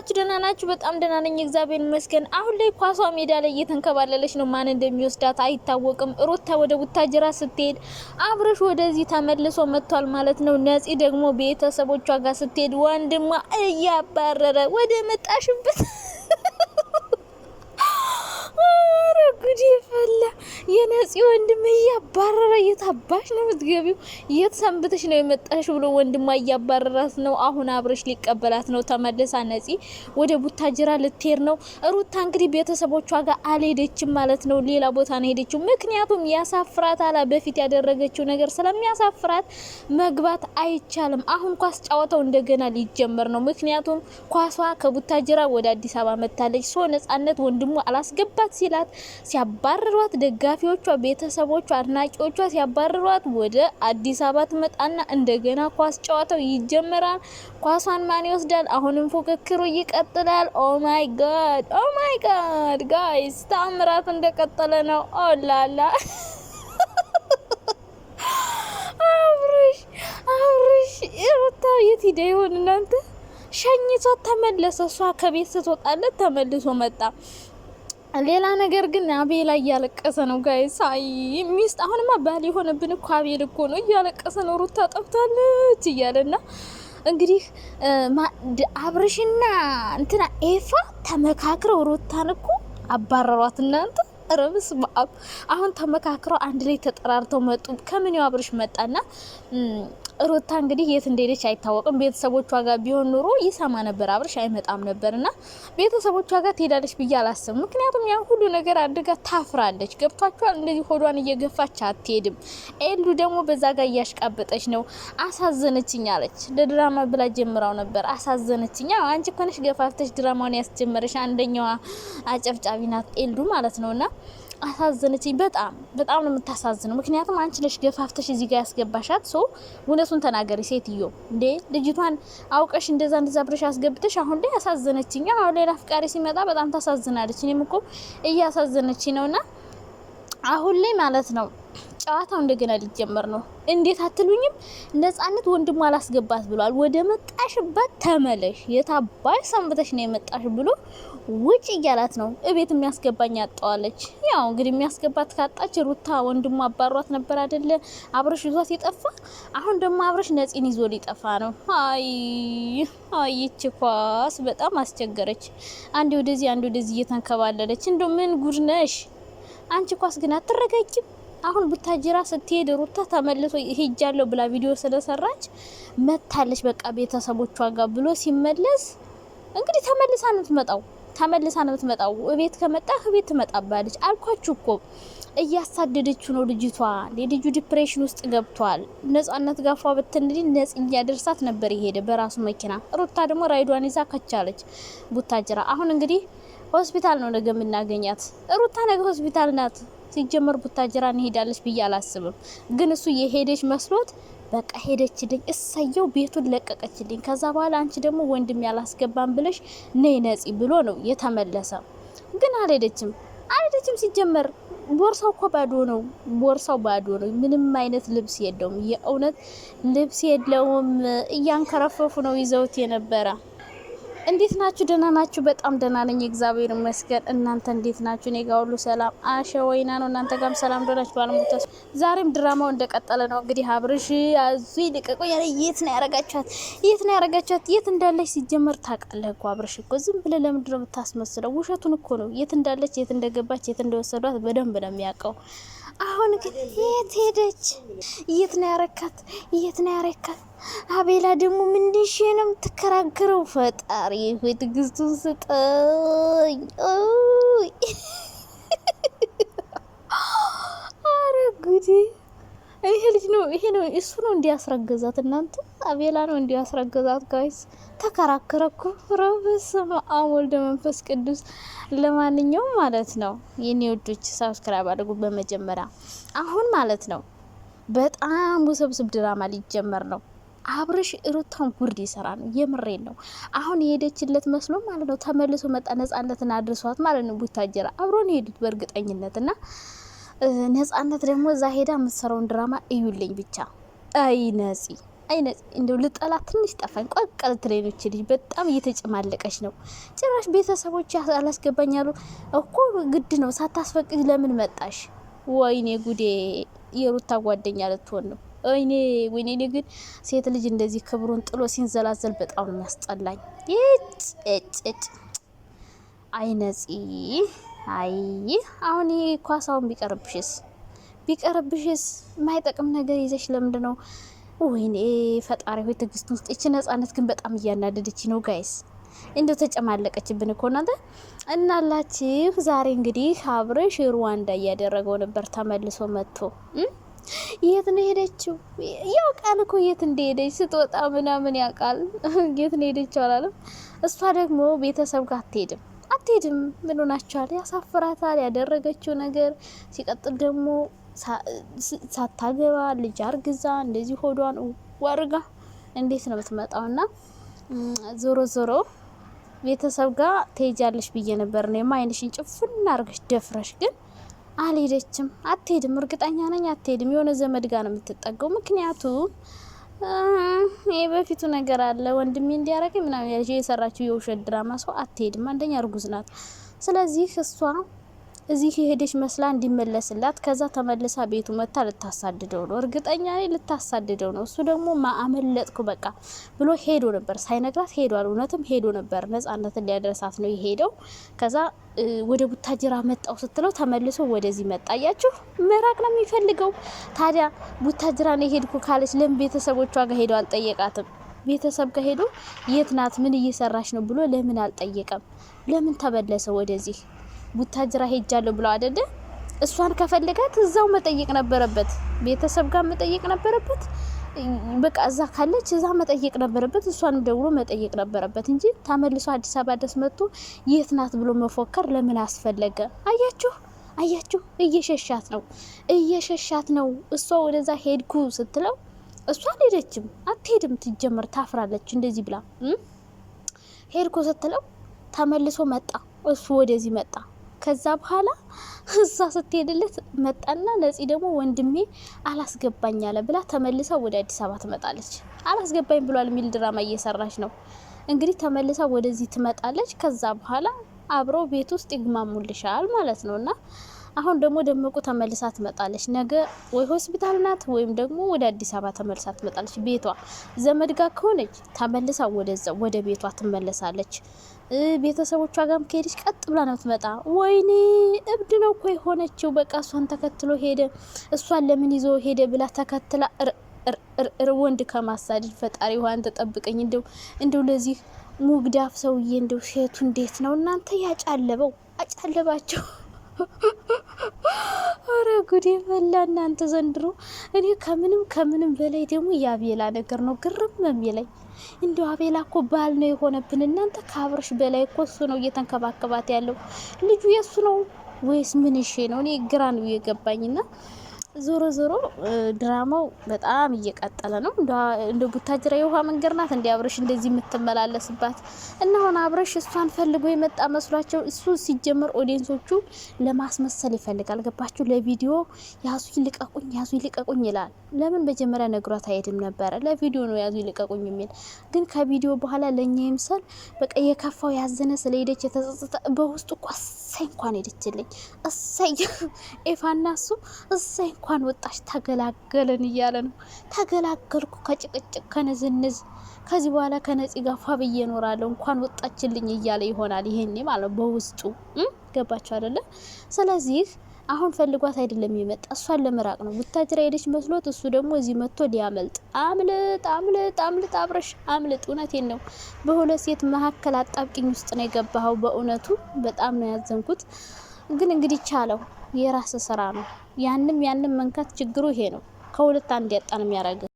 ናችሁ? ደህና ናችሁ? በጣም ደህና ነኝ፣ እግዚአብሔር ይመስገን። አሁን ላይ ኳሷ ሜዳ ላይ እየተንከባለለች ነው። ማን እንደሚወስዳት አይታወቅም። ሩታ ወደ ቡታጅራ ስትሄድ አብረሽ ወደዚህ ተመልሶ መጥቷል ማለት ነው። ነፂ ደግሞ ቤተሰቦቿ ጋር ስትሄድ ወንድሟ እያባረረ ወደ መጣሽበት ጉድ የፈላ የነፂ ወንድም እያባረረ የት አባሽ ነው የምትገቢው? የት ሰንብተሽ ነው የመጣሽ? ብሎ ወንድሟ እያባረራት ነው። አሁን አብረሽ ሊቀበላት ነው። ተመልሳ ነፂ ወደ ቡታጅራ ልትሄድ ነው። ሩታ እንግዲህ ቤተሰቦቿ ጋር አልሄደችም ማለት ነው። ሌላ ቦታ ነው ሄደችው። ምክንያቱም ያሳፍራት አላ በፊት ያደረገችው ነገር ስለሚያሳፍራት መግባት አይቻልም። አሁን ኳስ ጫወተው እንደገና ሊጀመር ነው። ምክንያቱም ኳሷ ከቡታጅራ ወደ አዲስ አበባ መታለች። ሶ ነጻነት ወንድሟ አላስገባት ሲላት ሲያባረሯት ደጋፊዎቿ፣ ቤተሰቦቿ፣ አድናቂዎቿ ሲያባርሯት ወደ አዲስ አበባ ትመጣና እንደገና ኳስ ጨዋታው ይጀምራል። ኳሷን ማን ይወስዳል? አሁንም ፉክክሩ ይቀጥላል። ኦ ማይ ጋድ ኦ ማይ ጋድ ጋይስ፣ ተአምራት እንደቀጠለ ነው። ኦ ላላ አብርሽ አብርሽ ሩታ የት ሂደ ይሆን እናንተ? ሸኝቷት ተመለሰ። እሷ ከቤት ስትወጣለት ተመልሶ መጣ። ሌላ ነገር ግን አቤላ እያለቀሰ ነው ጋይስ። አይ ሚስት አሁንማ ባል የሆነብን እኮ አቤል እኮ ነው። እያለቀሰ ነው ሩታ ጠብታለች እያለና እንግዲህ አብርሽና እንትና ኤፋ ተመካክረው ሩታን እኮ አባረሯት እናንተ ረብስ አሁን ተመካክረው አንድ ላይ ተጠራርተው መጡ። ከምን አብርሽ መጣና ሩታ እንግዲህ የት እንደሄደች አይታወቅም። ቤተሰቦቿ ጋር ቢሆን ኑሮ ይሰማ ነበር፣ አብርሽ አይመጣም ነበር እና ቤተሰቦቿ ጋር ትሄዳለች ብዬ አላስብም። ምክንያቱም ያን ሁሉ ነገር አድርጋ ታፍራለች። ገብቷቸዋል። እንደዚህ ሆዷን እየገፋች አትሄድም። ኤሉ ደግሞ በዛ ጋር እያሽቃበጠች ነው። አሳዘነችኝ አለች። ለድራማ ብላ ጀምራው ነበር። አሳዘነችኝ። አንቺ እኮ ነሽ ገፋፍተሽ ድራማውን ያስጀመረሽ። አንደኛዋ አጨብጫቢ ናት ኤሉ ማለት ነውና አሳዘነችኝ። በጣም በጣም ነው የምታሳዝነው። ምክንያቱም አንቺ ነሽ ገፋፍተሽ እዚህ ጋር ያስገባሻት። ሰው እውነቱን ተናገሪ ሴትዮ። እንዴ ልጅቷን አውቀሽ እንደዛ እንደዛ ብረሽ አስገብተሽ አሁን ላይ አሳዘነችኝ። አሁን ሌላ አፍቃሪ ሲመጣ በጣም ታሳዝናለች። እኔም እኮ እያሳዘነችኝ ነውና አሁን ላይ ማለት ነው ጨዋታው እንደገና ሊጀመር ነው። እንዴት አትሉኝም? ነጻነት ወንድሟ አላስገባት ብሏል። ወደ መጣሽበት ተመለሽ፣ የታባሽ ሰንብተሽ ነው የመጣሽ ብሎ ውጭ እያላት ነው። እቤት የሚያስገባኝ አጣዋለች። ያው እንግዲህ የሚያስገባት ካጣች ሩታ ወንድሟ አባሯት ነበር አደለ? አብረሽ ይዟት የጠፋ አሁን ደግሞ አብረሽ ነፂን ይዞ ሊጠፋ ነው። አይ አይች ኳስ በጣም አስቸገረች። አንዴ ወደዚህ አንዴ ወደዚህ እየተንከባለለች። እንደው ምን ጉድነሽ አንቺ ኳስ ግን አትረጋጅም። አሁን ቡታጅራ ስትሄድ ሩታ ተመልሶ ሄጃለሁ ብላ ቪዲዮ ስለሰራች መታለች፣ በቃ ቤተሰቦቿ ጋር ብሎ ሲመለስ እንግዲህ ተመልሳ ነው የምትመጣው። ተመልሳ ነው የምትመጣው። እቤት ከመጣህ እቤት ትመጣባለች። አልኳችሁ እኮ እያሳደደችው ነው ልጅቷ። የልጁ ዲፕሬሽን ውስጥ ገብቷል። ነጻነት ጋፏ ብትንል ነጽያ ደርሳት ነበር የሄደ በራሱ መኪና። ሩታ ደግሞ ራይዷን ይዛ ከቻለች ቡታጅራ። አሁን እንግዲህ ሆስፒታል ነው ነገ የምናገኛት። ሩታ ነገ ሆስፒታል ናት። ሲጀመር ቡታጅራ እንሄዳለች ብዬ አላስብም። ግን እሱ የሄደች መስሎት በቃ ሄደችልኝ፣ እሰየው ቤቱን ለቀቀችልኝ። ከዛ በኋላ አንቺ ደግሞ ወንድም ያላስገባም ብለሽ ነይ ነጺ ብሎ ነው የተመለሰ። ግን አልሄደችም አልሄደችም። ሲጀመር ቦርሳው እኮ ባዶ ነው። ቦርሳው ባዶ ነው። ምንም አይነት ልብስ የለውም። የእውነት ልብስ የለውም። እያንከረፈፉ ነው ይዘውት የነበረ እንዴት ናችሁ? ደህና ናችሁ? በጣም ደህና ነኝ፣ እግዚአብሔር ይመስገን። እናንተ እንዴት ናችሁ? እኔ ጋር ሁሉ ሰላም አሸ ወይና ነው። እናንተ ጋርም ሰላም ደናችሁ? ባለሙታ ዛሬም ድራማው እንደቀጠለ ነው። እንግዲህ አብርሽ አዙ ይልቀቁ ያለ የት ነው ያረጋችኋት? የት ነው ያረጋችኋት? የት እንዳለች ሲጀመር ታውቃለህ እኮ አብርሽ እኮ ዝም ብለህ ለምንድን ነው የምታስመስለው? ውሸቱን እኮ ነው። የት እንዳለች፣ የት እንደገባች፣ የት እንደወሰዷት በደንብ ነው የሚያውቀው። አሁን ግን የት ሄደች? የት ነው ያረካት? የት ነው ያረካት? አቤላ ደግሞ ምንድሽ ነው የምትከራከረው? ፈጣሪ ሆይ ትዕግስቱን ስጠኝ። አረ ጉዴ ይሄ ልጅ ነው ይሄ ነው እሱ ነው እንዲያስረገዛት። እናንተ አቤላ ነው እንዲያስረገዛት። ጋይስ ተከራከረኩ። በስመ አብ ወልደ መንፈስ ቅዱስ። ለማንኛውም ማለት ነው የኔ ወዶች ሳብስክራይብ አድርጉ። በመጀመሪያ አሁን ማለት ነው በጣም ውስብስብ ድራማ ሊጀመር ነው። አብርሽ ሩታን ጉርድ ይሰራ ነው። የምሬን ነው። አሁን የሄደችለት መስሎ ማለት ነው ተመልሶ መጣ። ነጻነትን አድርሷት ማለት ነው። ቡታጀራ አብሮን የሄዱት በእርግጠኝነት እና ነጻነት ደግሞ እዛ ሄዳ የምትሰራውን ድራማ እዩልኝ ብቻ። አይ ነጺ አይ ነጺ እንደው ልጠላት ትንሽ ጠፋኝ። ቆቀል ትሬኖች ልጅ በጣም እየተጨማለቀች ነው። ጭራሽ ቤተሰቦች አላስገባኝ አሉ እኮ ግድ ነው። ሳታስፈቅጅ ለምን መጣሽ? ወይኔ ጉዴ! የሩታ ጓደኛ ልትሆን ነው። ወይኔ ወይኔ! እኔ ግን ሴት ልጅ እንደዚህ ክብሩን ጥሎ ሲንዘላዘል በጣም ነው የሚያስጠላኝ። ይጭ እጭ አይነጺ አይ አሁን ይሄ ኳሳውን ቢቀርብሽስ ቢቀርብሽስ የማይጠቅም ነገር ይዘሽ ለምንድን ነው? ወይኔ ፈጣሪ ሆይ ትዕግስት ውስጥ ይቺ ነጻነት ግን በጣም እያናደደች ነው ጋይስ። እንደ ተጨማለቀችብን እኮ እናንተ እናላችሁ። ዛሬ እንግዲህ አብርሽ ሩዋንዳ እያደረገው ነበር ተመልሶ መጥቶ የት ነው ሄደችው? ያው ቃል እኮ የት እንደሄደች ስትወጣ ምናምን ያውቃል። የት ነው ሄደችው አላለም። እሷ ደግሞ ቤተሰብ ጋር አትሄድም አትሄድም። ምን ያሳፍራታል ያደረገችው ነገር። ሲቀጥል ደግሞ ሳታገባ ልጅ አርግዛ እንደዚህ ሆዷን ዋርጋ እንዴት ነው የምትመጣው? ና ዞሮ ዞሮ ቤተሰብ ጋር ትሄጃለሽ ብዬ ነበር ነው የማይንሽን ጭፍና አርገሽ ደፍረሽ ግን አልሄደችም። አትሄድም፣ እርግጠኛ ነኝ አትሄድም። የሆነ ዘመድ ጋር ነው የምትጠገው ምክንያቱም በፊቱ ነገር አለ ወንድሜ እንዲያረገኝ ምናምን ያለች የሰራችው የውሸት ድራማ ሰው አትሄድም። አንደኛ እርጉዝ ናት። ስለዚህ እሷ እዚህ የሄደች መስላ እንዲመለስላት ከዛ ተመልሳ ቤቱ መታ ልታሳድደው ነው። እርግጠኛ ነኝ ልታሳድደው ነው። እሱ ደግሞ ማአመለጥኩ በቃ ብሎ ሄዶ ነበር፣ ሳይነግራት ሄዷል። እውነትም ሄዶ ነበር። ነጻነትን ሊያደርሳት ነው የሄደው። ከዛ ወደ ቡታጅራ መጣው ስትለው ተመልሶ ወደዚህ መጣ። አያችሁ፣ መራቅ ነው የሚፈልገው። ታዲያ ቡታጅራ ነው የሄድኩ ካለች ለምን ቤተሰቦቿ ጋር ሄደው አልጠየቃትም? ቤተሰብ ከሄዶ የት ናት ምን እየሰራች ነው ብሎ ለምን አልጠየቀም? ለምን ተመለሰ ወደዚህ? ቡታጅራ ሄጃለሁ ብለው አደለ? እሷን ከፈለጋት እዛው መጠየቅ ነበረበት፣ ቤተሰብ ጋር መጠየቅ ነበረበት። በቃ እዛ ካለች እዛ መጠየቅ ነበረበት፣ እሷንም ደውሎ መጠየቅ ነበረበት እንጂ ተመልሶ አዲስ አበባ ደስ መጥቶ የት ናት ብሎ መፎከር ለምን አስፈለገ? አያችሁ አያችሁ፣ እየሸሻት ነው እየሸሻት ነው። እሷ ወደዛ ሄድኩ ስትለው እሷ አልሄደችም፣ አትሄድም። ትጀምር ታፍራለች። እንደዚህ ብላ ሄድኩ ስትለው ተመልሶ መጣ፣ እሱ ወደዚህ መጣ። ከዛ በኋላ እዛ ስትሄድለት መጣና ነፂ ደግሞ ወንድሜ አላስገባኝ አለ ብላ ተመልሳ ወደ አዲስ አበባ ትመጣለች። አላስገባኝ ብሏል የሚል ድራማ እየሰራች ነው እንግዲህ። ተመልሳ ወደዚህ ትመጣለች። ከዛ በኋላ አብረው ቤት ውስጥ ይግማሙልሻል ማለት ነው እና አሁን ደግሞ ደመቁ ተመልሳ ትመጣለች። ነገ ወይ ሆስፒታል ናት ወይም ደግሞ ወደ አዲስ አበባ ተመልሳ ትመጣለች። ቤቷ ዘመድ ጋር ከሆነች ተመልሳ ወደዛ ወደ ቤቷ ትመለሳለች። ቤተሰቦቿ ጋርም ከሄደች ቀጥ ብላ ነው ትመጣ። ወይኔ እብድ ነው እኮ የሆነችው። በቃ እሷን ተከትሎ ሄደ፣ እሷን ለምን ይዞ ሄደ ብላ ተከትላ ር ወንድ ከማሳደድ ፈጣሪ ውሃን ተጠብቀኝ። እንደው እንደው ለዚህ ሙግዳፍ ሰውዬ እንደው ሴቱ እንዴት ነው እናንተ ያጫለበው? አጫለባቸው አረ ጉዴ ፈላ እናንተ ዘንድሮ። እኔ ከምንም ከምንም በላይ ደግሞ የአቤላ ነገር ነው ግርም የሚለኝ። እንዲ አቤላ እኮ ባል ነው የሆነብን እናንተ። ከአብረሽ በላይ እኮ እሱ ነው እየተንከባከባት ያለው። ልጁ የእሱ ነው ወይስ ምንሽ ነው? እኔ ግራ ነው የገባኝና ዞሮ ዞሮ ድራማው በጣም እየቀጠለ ነው። እንደ ቡታጅራ የውሃ መንገድ ናት እንዲ አብረሽ እንደዚህ የምትመላለስባት እና አሁን አብረሽ እሷን ፈልጎ የመጣ መስሏቸው እሱ ሲጀምር ኦዲየንሶቹ ለማስመሰል ይፈልጋል። ገባችሁ? ለቪዲዮ ያዙ ይልቀቁኝ፣ ያዙ ይልቀቁኝ ይላል። ለምን መጀመሪያ ነግሯት አይሄድም ነበረ? ለቪዲዮ ነው ያዙ ይልቀቁኝ የሚል ግን ከቪዲዮ በኋላ ለእኛ ይምሰል በቃ የከፋው ያዘነ ስለ ሄደች የተጸጸተ በውስጡ እኮ እሰይ እንኳን ሄደችልኝ እሰይ ኤፋና እሱ እሰይ እንኳን እንኳን ወጣሽ ተገላገልን እያለ ነው። ተገላገልኩ ከጭቅጭቅ ከንዝንዝ፣ ከዚህ በኋላ ከነፂ ጋር ፏ ብዬ እኖራለሁ እንኳን ወጣችልኝ እያለ ይሆናል። ይሄኔ ማለት በውስጡ ገባቸው አይደለ? ስለዚህ አሁን ፈልጓት አይደለም የመጣ እሷን ለመራቅ ነው። ቡታጅራ ሄደች መስሎት እሱ ደግሞ እዚህ መጥቶ ሊያመልጥ አምልጥ አምልጥ አምልጥ አብረሽ አምልጥ። እውነቴን ነው። በሁለት ሴት መካከል አጣብቂኝ ውስጥ ነው የገባኸው። በእውነቱ በጣም ነው ያዘንኩት። ግን እንግዲህ ቻለው፣ የራስ ስራ ነው። ያንም ያንም መንካት ችግሩ ይሄ ነው። ከሁለት አንድ ነው የሚያደርግ